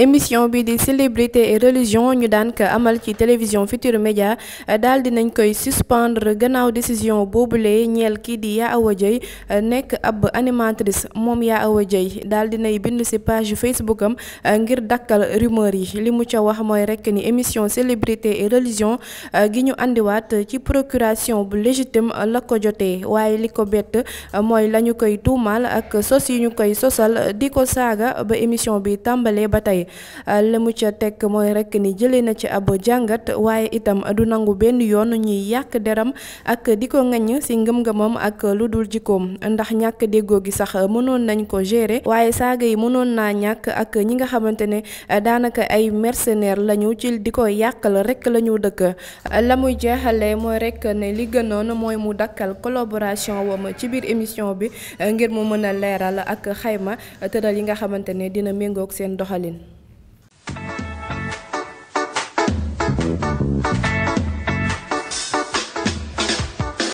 émission bi di célébrité et religion ñu daan ko amal ci télévision Futurs média daal nañ koy suspendre gannaaw décision boobule ñeel kii di Yaa Awa Dieye nekk ab animatrice moom Yaa Awa Dieye daal dinay bind si page Facebook am ngir dakkal rumeur yi li mu ca wax mooy rekk ni émission célébrité et religion gi ñu indiwaat ci procuration bu légitime la ko jotee waaye li ko bett mooy la ñu koy tuumaal ak sos yi ñu koy sosal di ko saaga ba émission bi tàmbalee ba tey Euh, la mu ca tekk mooy rek ni jëlee na ci ab jàngat waaye itam du nangu benn yoon ñuy yàq deram ak di ko ŋaññ si ngëm-ngëmam ak lu dul jikkoom ndax ñàkk déggoo gi sax mënoon nañ ko gérer waaye saaga yi mënoon naa ñàkk ak ñi nga xamante ne euh, daanaka ay mercenaires lañu ci di ko yàqal rek la ñu dëkk euh, la muy jeexale mooy rek ne li gënoon mooy mu dakkal collaboration wam ci biir émission bi ngir mu mën a leeral ak xayma tëral yi nga xamante ne dina méngook seen doxalin